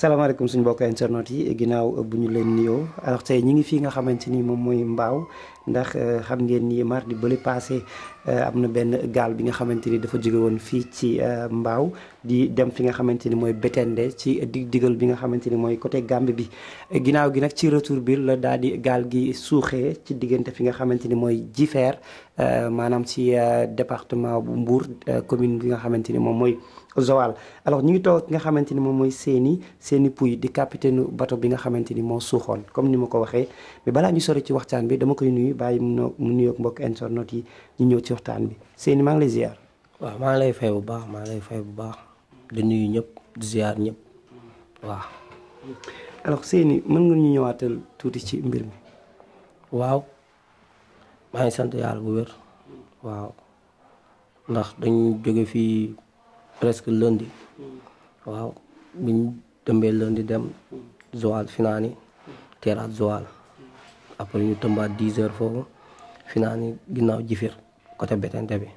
salaamaaleykum suñu mbokk internautes yi ginnaaw bu ñu leen nuyoo alors tey ñi ngi fii nga xamante ni moom mooy mbaaw ndax euh, xam ngeen ni mardi bële passé euh, am na benn gaal bi nga xamante ni dafa jóge woon fii ci euh, mbaaw di dem fi nga xamante ni mooy Bétendé ci dig digal bi nga xamante ni mooy côté Gambie bi ginnaaw gi nag ci retour bi la daal di gaal gi suuxee ci diggante fi nga xamante ni mooy Jifeer maanaam ci département bu Mbour commune bi nga xamante ni moom mooy Joal alors ñu ngi toog ki nga xamante ni moom mooy Séni Séni Pouy di capitaine bato bi nga xamante ni moo suuxoon comme ni ma ko waxee mais balaa ñu sori ci waxtaan bi dama koy nuyu bàyyi mu nuyoog mbokk internet yi ñu ñëw ci waxtaan bi seeni maa ngi lay maa ngi lay fay bu baax maa ngi lay fay bu baax di nuyu ñëpp di ziar ñëpp waaw. alors Seyni mën nga ñu ñëwaatal tuuti ci mbir mi. waaw maa ngi sant yàlla bu wér waaw ndax dañu jóge fii presque lundi waaw biñ dembee lundi dem Joal finaani teeraat Joal après ñu tëmbaat dix heures foofu finaani ginnaaw jifir côté betente bi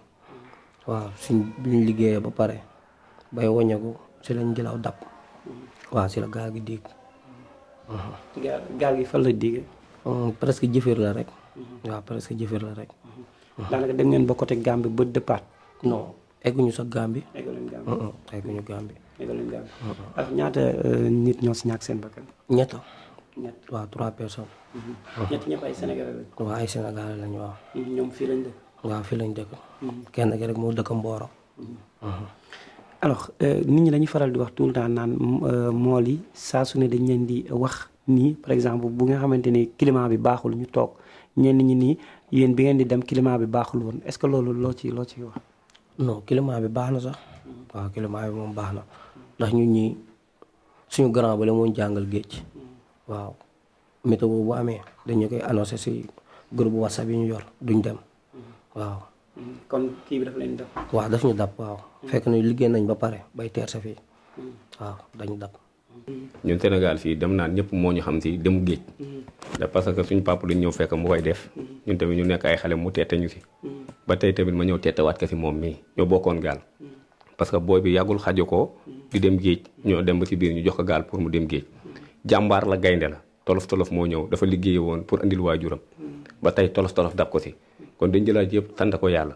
waaw suñ bi ba pare bay waññeeku si lañ jëlaw dàpp waaw si la gaal gi diig gaal gi fan la diige hmm, presque jëfeer la rek waaw presque jëfër la rek daanaka dem ngeen ba côté Gambie ba départ non egguñu sax Gambie egguñu Gambie ñaata euh, nit ñoo si ñàkk seen bakkan ñett ñett waaw trois personnes. Mm-hmm. ñett ñëpp ay Sénégalais lañ. waaw mm-hmm. ñoom fii lañ dëkk. waaw fii lañ dëkk. Mm-hmm. kenn rek moo dëkk Mboro. alors euh, nit ñi dañuy faral di wax tout le temps naan euh, mool yi saa su ne dañ leen di wax nii par exemple bu nga xamante ni climat bi baaxul ñu toog ñenn ñi nii yéen bi ngeen dem climat bi baaxul woon est-ce que loolu loo ci loo ciy wax. non climat bi baax na sax. waaw climat bi moom baax na ndax ñu ñi suñu grand ba la jàngal géej. waaw météo bu amee dañu koy annoncé si groupe whatsapp yi ñu yor duñ dem waaw. kon kii bi daf leen dab. waaw daf ñu dab waaw. Mm. fekk na liggéey nañ ba pare bay teer sa fii mm. waaw dañu dab. ñun Sénégal fii dem naan ñëpp moo ñu xam si dem géej. Mm. da parce que suñ pàpp dañ ñëw fekk mu koy def. ñun tamit ñu nekk ay xale mu teete ñu si. ba tey tamit ma ñëw waat ko si moom mii ñoo bokkoon gaal. parce que booy bi yàggul xajo ko di dem géej ñoo dem ba si biir ñu jox ko gaal pour mu dem géej. jàmbaar la gaynde la tolof tolof moo ñëw dafa liggéey woon pour andil waajuram ba tey tolof tolof dab ko si kon dañ jëlaat yëpp sant ko yàlla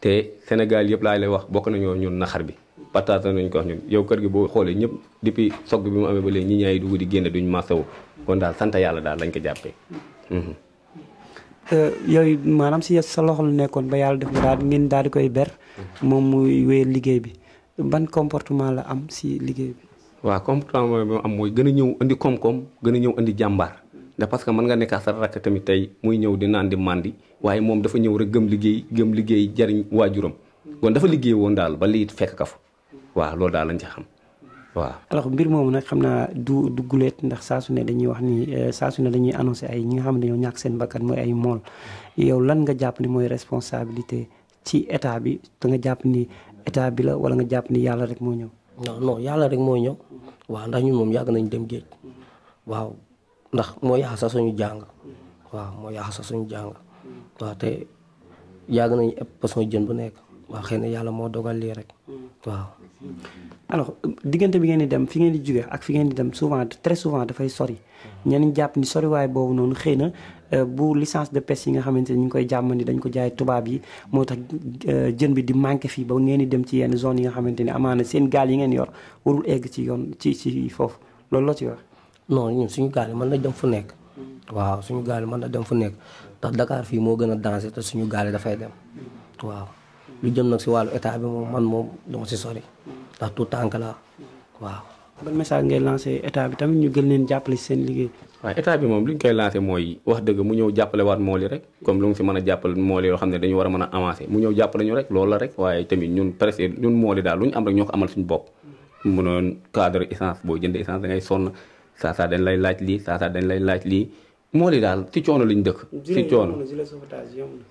te Sénégal yëpp laa lay wax bokk nañoo ñun naxar bi partage nañ ko wax ñun yow kër gi boo xoolee ñëpp depuis soog bi mu amee ba léegi ñi ñaay dugg di génne duñ masawu kon daal sant yàlla daal lañ ko jàppee mhm. euh, yooyu maanaam si sa loxo la nekkoon ba yàlla def nga daal ngeen daal di koy ber mhm. moom muy wéy liggéey bi ban comportement la am si liggéey waaw comportement bi am mooy gën a ñëw indi koom-koom gën a ñëw indi jàmbaar ndax parce que mën nga nekka sa rakk tamit tey muy ñëw di naan di waaye moom dafa ñëw rek gëm liggéey gëm liggéey jariñ waajuram kon dafa liggéey woon daal ba lii fekk kafu waaw loolu daal lañ ci xam waaw alors mbir moomu nag xam naa du du guleet ndax saa su ne dañuy wax ni euh, saa dañuy annoncé ay ñi nga xam ne dañoo ñàkk seen bakkan ay mool yow lan nga jàpp ni mooy responsabilité ci état bi da nga jàpp ni état bi la wala nga jàpp ni yàlla rek mooy ñëw non non yàlla rek mooy ñëw waaw ndax ñun moom yàgg nañ dem géej waaw ndax moo yàq sa suñu jàng waaw moo yàq sa suñu jàng waaw te yàgg nañ ëpp façon jën bu nekk waaw xëy na yàlla moo dogal lii rek waaw. alors diggante bi ngeen di dem fi ngeen di jóge ak fi ngeen di dem souvent très souvent dafay sori ñenn jàpp ni soriwaay boobu noonu xëy Euh, bu licence de pêche yi nga xamante ni ñu ngi koy jàmmani dañ ko jaay tubaab yi moo tax euh, jën bi di manqué fii ba ngeen di dem ci yenn zone yi nga xamante ni amaana seen gaal yi ngeen yor warul egg ci yoon ci ci foofu loolu loo ci wax. non ñun suñu gaal yi mën na dem fu nekk. waaw suñu gaal yi mën dem fu nekk ndax Dakar fii moo gën a danger te suñu gaal yi dafay dem waaw lu jëm nag si wàllu état bi moom man moom dama si sori ndax tout tànk la waaw. ban message ngay lancé état bi tamit ñu gën leen jàppale si seen liggéey. waaw état bi moom li ñu koy lancé mooy wax dëgg mu ñëw jàppale waat mool yi rek comme lu mu fi mën a jàppale mool yoo xam ne dañu war a mën a avancé mu ñëw jàppale ñu waaye tamit ñun presque ñun mool yi daal lu ñu am rek ñoo ko amal suñu bopp mu noon cadre essence boo jënd essence da sonn saa saa dañ lay laaj lii saa saa dañ lay laaj lii mool yi daal ci coono liñ dëkk ci coono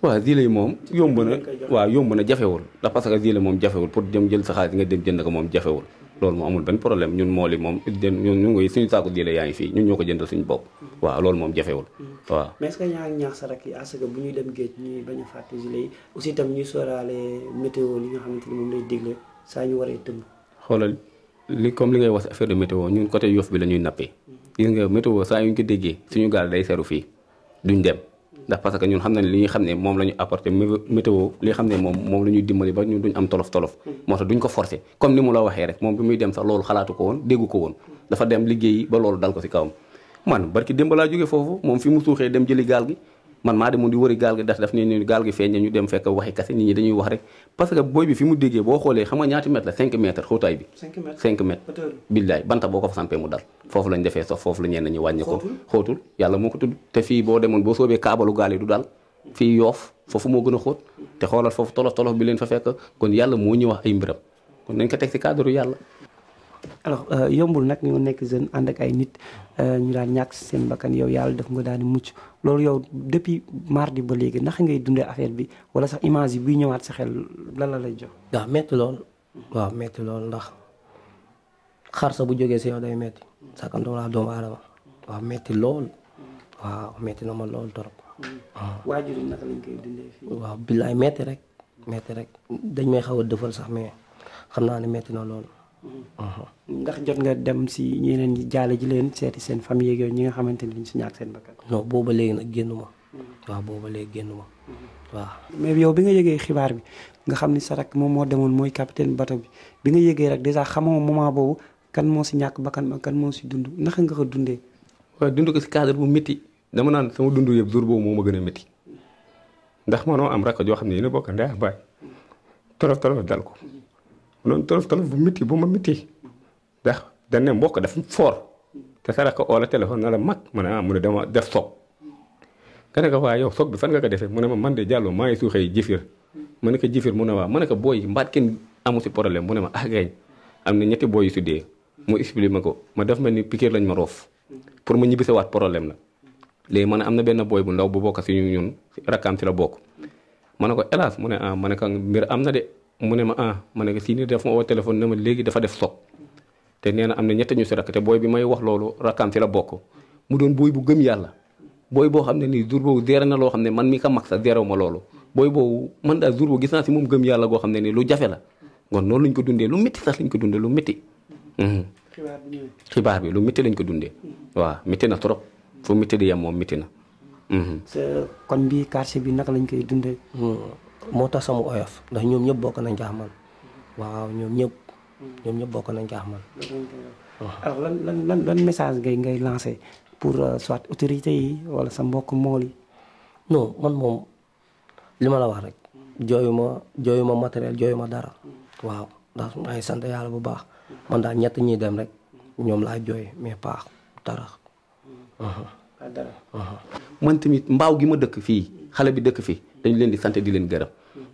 waaw zile yi moom yomb na waaw yomb na jafewul ndax parce que zile moom jafewul pour dem jël sa xaalis nga dem jënd ko moom jafewul loolu moom amul benn problème ñun mool yi moom ñun ñu ngi suñu saako jëlee yaa ngi fii ñun ñoo ko jëndal suñu bopp. waaw loolu moom jafewul. Mm-hmm. waaw mais est ñaax sa rakk yi parce que bu ñuy dem géej ñuy bañ a fàtte gilet yi aussi itam ñuy sóoraale météo li nga xamante ni moom lay digle saa ñu waree tëmb. xoolal li comme li ngay wax affaire de météo ñun côté Yoff bi la ñuy nappee. Mm-hmm. gis nga météo saa yu ñu ko déggee suñu gaal day seru fii duñ dem. ndax parce que ñun xam nañ li nga xam ne moom la ñu apporté météo li nga xam ne moom moom la ñuy ba ñun duñ am tolof tolof mm-hmm. moo tax duñ ko forcé comme ni mu la waxee rek moom bi muy dem sax loolu xalaatu ko woon déggu ko woon mm-hmm. dafa dem liggéey ba loolu dal ko si kawam man barki démb laa jógee foofu moom fi mu suuxee dem jëli gaal gi man maa demoon di wëri gaal gi ndax daf ne ñu gaal gi feeñ ñu dem fekk waxi kase dañuy wax rek parce que booy bi fi mu déggee boo xoolee xam ñaati mètre la 5 mètre xóotaay bi 5 mètre 5 mètre billaay banta boo ko fa sampee mu dal foofu lañ defee sox foofu la ñeen nañu wàññi ko xóotul yàlla foofu moo gën a xóot te xoolal foofu tolof tolof bi leen fa fekk kon yàlla moo ñu wax ay mbiram kon nañ ko teg si cadre yàlla alors euh, yombul nag ñoo nekk jeune ànd ak ay nit euh, ñu daan ñàkk seen bakkan yow yàlla def nga daal di mucc loolu yow depuis mardi ba léegi naka ngay dundee affaire bi wala sax image yi buy ñëwaat sa xel lan la lay jox. waaw métti waaw métti ndax xar sa bu jógee si yow day métti sakandoo laa doomu aadama waaw métti lool waaw métti na ma lool trop. waajur yi naka lañ koy dundee fii. waaw billaay métti rek métti rek dañ may xaw a dëfal sax mais xam naa ne métti na lool. ndax jot nga dem si ñeneen ñi jaale ji leen seeti seen famille yeeg yooyu ñi nga xamante ni dañ si ñàkk seen bakkan. non booba léegi nag génn ma. Mm-hmm. waaw booba léegi génn ma mm-hmm. waaw. mais yow bi nga yëgee xibaar bi nga xam ni sa rakk moom moo demoon mooy capitaine bateau bi bi nga yëgee rek dèjà xamoo moment boobu kan moo si ñàkk bakkan ba kan moo si dund naka nga ko dundee. waaw dund ko si cadre bu métti dama naan sama dund yëpp jour boobu moo ma gën a métti ndax manoo am rakk joo xam ne yéen a bokk ndey ak baay torof torof dal ko. noonu tolof tolof bu métti bu ma métti ndax dañ ne mbokk dafa fort te sa rakk oo la téléphone na la mag mu ne ah, mu ne dama def soog nga ne ko waa yow nga ko defee mu ne ma man de jàllo maa ngi suuxee jëfir ma ne ko jëfir mu ne waa ma ne ko booy mbaat kenn amu si problème mu ne ma ah am na ñetti booy yu si dee ma ko ma def mel ni piqûre lañ ma pour ma ñibbisi waat problème la léegi man am na benn booy bu ndaw bu bokk si ñun rakkaam si la bokk ma ne ko hélas mu ne ah, am na de mu ne ma ah ma ne ko si ni def ma woo ne ma léegi dafa def soog te nee na am na ñett ñu si rakk te booy bi may wax loolu rakkaam si la bokk mu doon booy bu gëm yàlla booy boo xam ne nii jur boobu deere na loo xam ne man mi ka mag sax deerew ma loolu booy boobu man daal jur boobu gis naa si moom gëm yàlla goo xam ne nii lu jafe la kon noonu lañ ko dundee lu métti sax lañ ko dundee lu métti mhm. xibaar bi lu métti lañ ko dundee waaw métti na trop fu métti di yem moom métti na mhm. kon bi quartier bi naka lañ koy dundee hmm. moo tax sama oyof ndax ñoom ñëpp bokk nañ caax man waaw ñoom ñëpp ñoom bokk nañ caax man ah, alors lan lan message ngay ngay lancé pour euh, soit autorité yi wala sa mbokk mool yi li ma la wax rek jooyu ma jooyu ma matériel jooyu ma dara waaw ndax maa ngi sant yàlla bu baax man daal ñett ñiy dem rek ñoom laa jooy mais paax dara man tamit mbaaw gi ma dëkk fii xale bi dëkk fii dañu leen di sant di leen gërëm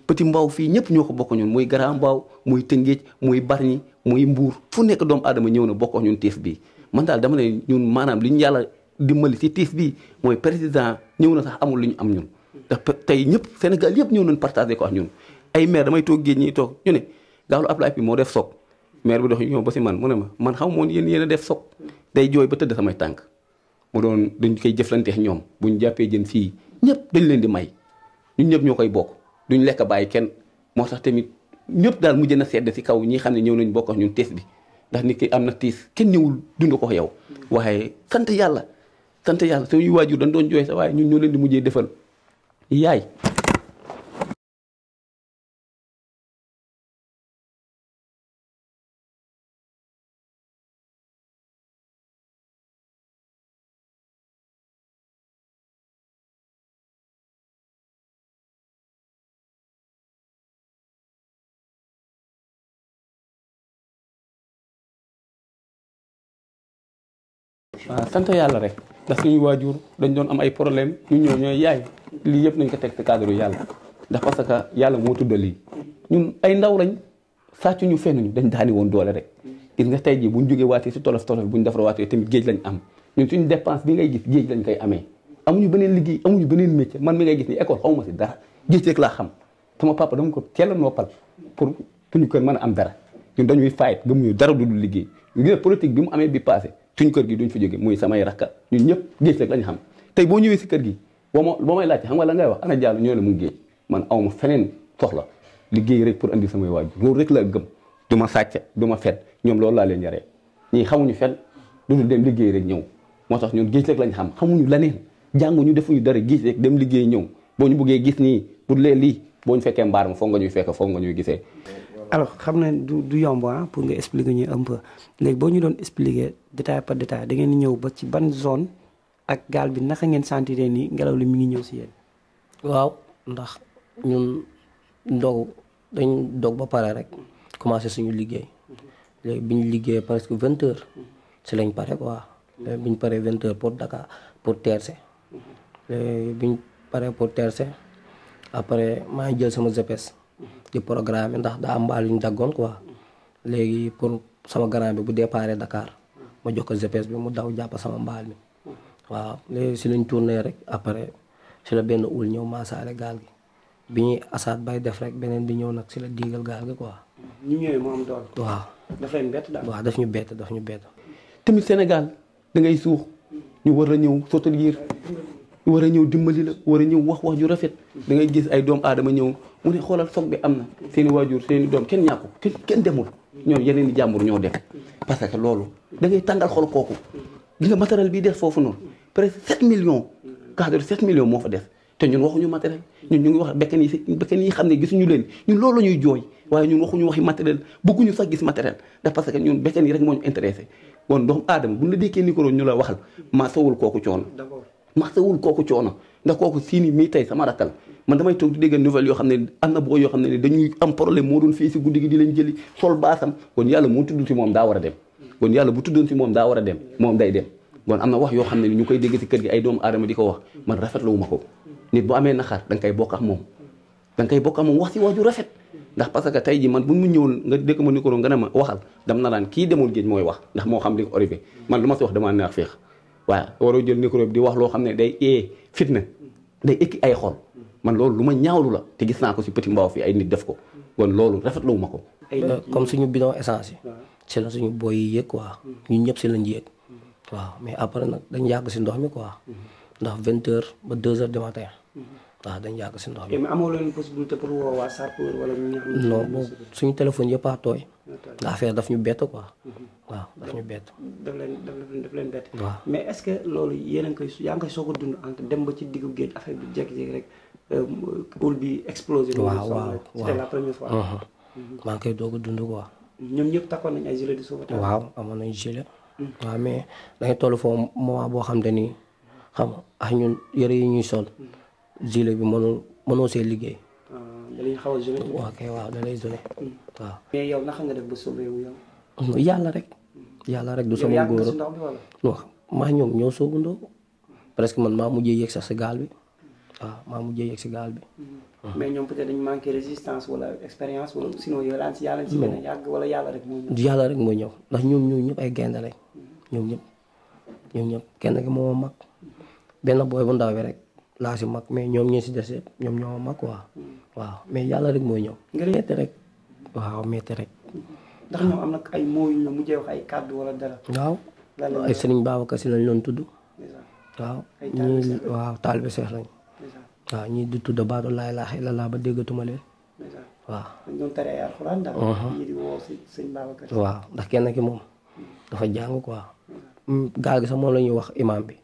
petit mbaaw fii ñëpp ñoo ko bokk ñun muy grand mbaaw muy tëngéej muy barñi muy mbuur fu nekk doomu aadama ñëw na bokk ñun tiis bii man daal dama ñun maanaam li ñu yàlla dimbali ci tiis bii mooy président ñëw na sax amul lu ñu am ñun ndax tey ñëpp Sénégal yëpp ñëw nañ partagé ko ak ñun ay maire damay toog géej ñi toog ñu ne gaalu Ablaye bi moo def soog maire bi dox ñëw ba si man mu ne ma man xaw moon yéen yéen a def soog day jooy ba tëdd samay tànk mu doon dañ koy jëflanteex ñoom buñ jàppee jën fii ñëpp dañ leen di may ñun ñëpp ñoo koy bokk duñ lekk bàyyi kenn moo tax tamit ñëpp daal mujj na sedd si kaw ñii xam ne ñëw nañ bokk ñun tiis bi ndax nit ki am na tiis kenn ñëwul dund ko yow waaye sant yàlla sant yàlla suñuy waajur dañ doon jooy sa waaye ñun ñëw leen di mujjee defal yaay waaw ah, sant yàlla rek ndax suñuy waajur dañ doon am ay problème ñu ñëw ñooy yaay lii yëpp nañ ko teg ci cadre yàlla ndax parce que yàlla moo tudd lii ñun ay ndaw lañ sàcc ñu fenn ñu dañ daani woon doole rek gis nga tey jii buñ jógee waatee si tolof tolof ñu defar waatee tamit géej lañ am ñun suñu dépense bi ngay gis géej lañ koy amee amuñu beneen liggéey amuñu beneen métier man mi ngay gis ni école xawma si dara géej rek laa xam sama papa dama ko teel a pour suñu kër mën a am dara ñun dañuy fayit gëmuñu liggéey gis politique mu amee bi passé suñ kër gi duñ fi jóge muy samay rakka ñun ñëpp géej rek xam tey boo ñëwee si kër gi boo ma boo may laajte xam nga la ngay wax ana jàll la mu géej man awma feneen soxla liggéey rek pour andi samay waajur loolu rek laa gëm du ma sàcc du ma fet ñoom loolu laa leen yaree ñii xamuñu fen lu ñu dem liggéey rek ñëw moo tax ñun géej lañ xam xamuñu leneen jànguñu defuñu dara gis rek dem liggéey ñëw boo ñu buggee gis nii pour lee lii boo ñu fekkee mbaar ma foog nga ñuy fekk foog nga ñuy gisee alors xam ne du du yomb ah pour nga expliquer ñu un peu léegi boo ñu doon expliquer détail par détail da ngeen ñëw ba ci ban zone ak gaal bi naka ngeen sentiree nii ngelaw li mi ngi ñëw si yéen. waaw ndax ñun ndogu dañ dog ba pare rek commencé suñu liggéey léegi bi ñu liggéey presque vingt heures si lañ pare quoi bi ñu paree vingt heures pour Dakar pour Terse biñ bi pour Terse après maa jël sama GPS. di programme ndax daa am mbaal yu ñu daggoon quoi léegi pour sama grand bi bu départ Dakar ma jox ko GPS bi mu daw jàpp sama mbaal mi waaw léegi si lañ tourné rek après si la benn ul ñëw maasaale gaal gi bi ñuy asaat bay def rek beneen bi ñëw nag si la diigal gaal gi quoi. ñu ñëwee mu am doole. waaw daf ñu bett daf ñu bett. tamit Sénégal dangay suux ñu war a ñëw sotal yiir war a ñëw dimbali la war a ñëw wax wax ju rafet da ngay gis ay doomu aadama ñëw. mu ne xoolal foog bi am na seen i waajur seen i doom kenn ñàkku kenn kenn demul ñoom yeneen i jàmbur ñoo dem parce que loolu da ngay tàngal xol kooku di nga matériel bi des foofu noonu presque million millions cadre 7 millions moo fa des te ñun waxuñu matériel ñun ñu ngi wax bekken yi xam ne gisuñu leen loolu la ñuy jooy waaye ñun waxuñu waxi matériel bëgguñu sax gis matériel ndax parce que ñun bekken yi rek moo ñu intéressé woon doomu aadama buñ la dékkee micro ñu la waxal maasawul kooku coono maasawul kooku coono ndax kooku siini mii tey sama rakkal man damay toog di dégg nouvelle yoo xam ne am na boo yoo xam ne dañuy am problème moo doon fii si guddi gi di leen jëli sol baasam kon yàlla moo tudd si moom daa war a dem kon yàlla bu tuddoon si moom daa war a dem moom day dem kon ñu koy dégg si kër gi ay doomu aadama di ko wax man rafetlu wu ma ko nit bu amee naxar da nga koy bokk moom da nga koy bokk ak moom wax si wax ju rafet ndax parce que tey ji man bu mu ñëwoon nga dëkk ma nikoro nga ne ma waxal dam na naan kii demul géej mooy wax ndax moo xam li ko arrivé man lu ma si wax damaa neex féex waaw waroo jël micro di wax loo xam ne day ee fitna day ekki ay xol man loolu lu ma ñaawlu la te gis naa ko si Petit Mbao fi ay nit def ko kon loolu rafetlu ma ko. comme suñu bidon essence yi. si la suñu booy yi ko quoi ñun ñëpp si lañ yëg. waaw mais après nag dañ yàgg si ndox mi quoi. ndax vingt ba deux heures du matin. dañ yàgg si ndox mi. amoo leen possibilité pour woo waa Sarkour wala ñu. non boobu suñu téléphone yëpp tooy. Ah, affaire daf ñu bett quoi. Mhm. waaw daf ñu bett. daf leen daf leen bett. waaw mais est-ce que loolu yéen a ngi koy yaa ngi soo ko a dund dem ba ci diggu géej affaire bi jékki-jékki rek. Euh, pool bi explosé. waaw waaw uh-huh. mhm. maa ngi koy doog a dund quoi. ñoom ñëpp takkoon nañ ay gilet de sauvetage. waaw amoon nañ gilet. Mm. mais dangay toll foofu moment boo xam te ni xam nga ah ñun yëre yi ñuy sol. Mm. gilet bi mënul mënoo see liggéey. Ah, da lay xaw a zone. waaw kay waaw da lay zone. Mm. yàlla rek. yàlla rek du sama góor. yow maa ñoom ñoo soobandoo. presque man maa mujjee yéeg sax si gaal bi. waaw maa mu jëy ak si gaal bi. Mm-hmm. mais ñoom peut-être dañu manqué résistance wala expérience wala sinon yow daan si yàlla si wala yàlla rek moo ñëw. yàlla rek moo ñëw ndax ñoom ñoom ñëpp ay gaynde lañ mm-hmm. ñëpp ñoom ñëpp kenn ki moo mag mm-hmm. benn booy bu ndaw bi rek laa si mag mais ñoom ñoo si des yëpp ñoom ñoo mag waaw mais yàlla rek moo ñëw. metti rek waaw metti rek. ndax ñoom am na ay mots yu ñu la ay kàddu wala dara. waaw ay sëriñ Babacar si lañ doon tudd. waaw taal bi taalibe Seex lañ waaw ah, ñii di tudd baatu laa ilaaha illallaah ba déggatuma leen waaw uh-huh. waaw ndax kenn ki moom dafa jàng quoi mm, gaal gi sax moom la ñuy wax imaam bi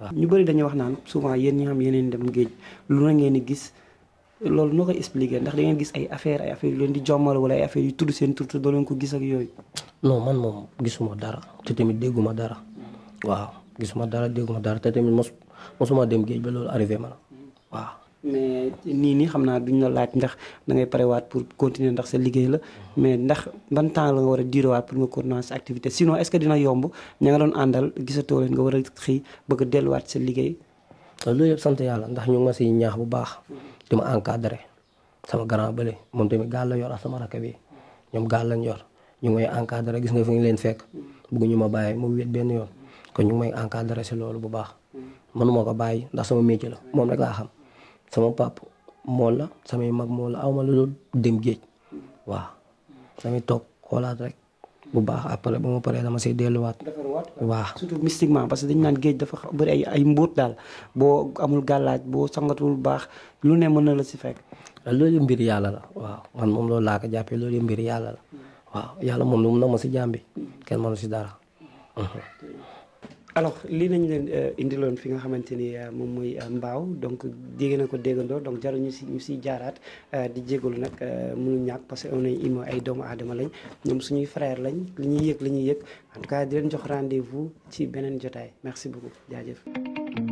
waaw ñu bari dañuy wax naan souvent yéen ñi xam yeneen dem géej lu na ngeen di gis loolu noo koy expliquer ndax da ngeen gis ay affaire ay affaire yu leen di jommal wala ay affaire yu tudd seen tur te doo leen ko gis ak yooyu non man moom gisuma dara te tamit dégguma dara mm. waaw gisuma dara dégguma dara te tamit mos mosuma dem géej ba loolu arrivé ma waaw mais nii nii xam naa duñ la laaj ndax da ngay waat pour continuer ndax sa liggéey la mais ndax ban temps la nga war a durewaat pour nga continuer sa activité sinon est-ce que yomb ña nga doon àndal gisatoo leen nga war a xëy bëgg delluwaat sa liggéey. loolu yëpp sant yàlla ndax ñu ma siy ñaax bu baax. Mm-hmm. di ma encadré sama grand bële moom tamit gaal la yor a sama rakk bi ñoom gaal la lañ yor ñu ngi may encadré gis nga fi ñu leen fekk mm-hmm. bëgguñu ma bàyyi mu wéet benn yoon kon ñu ngi may si loolu bu baax. moo mm-hmm. ko bàyyi ndax sama métier la moom rek laa xam sama pap mool la samay mag mool aw ma lu dem géej waaw samay toog xoolaat rek bu baax après ba ma paree ma see delluwaat. waa surtout mystiquement parce que dañu naan géej dafa bëri ay ay mbóot daal boo amul gàllaaj boo sangatul baax lu ne mën na la si fekk. loolu mbir yàlla la waaw man moom loolu laa ko jàppee loolu mbir yàlla la waaw yàlla moom na ma si jàmbi kenn mënu si dara. Mm. Mm-hmm. alors lii nañ leen euh, indiloon fi nga xamante ni euh, moom mooy euh, mbaaw donc dégg na ko déggandoo donc jaru ñu si ñu siy jaaraat di jégalu nag mënu ñàkk parce que on est ay doomu aadama lañ ñoom suñuy frère lañ li ñuy yëg li ñuy yëg en tout cas di jox rendez-vous ci beneen jotaay merci beaucoup jaajëf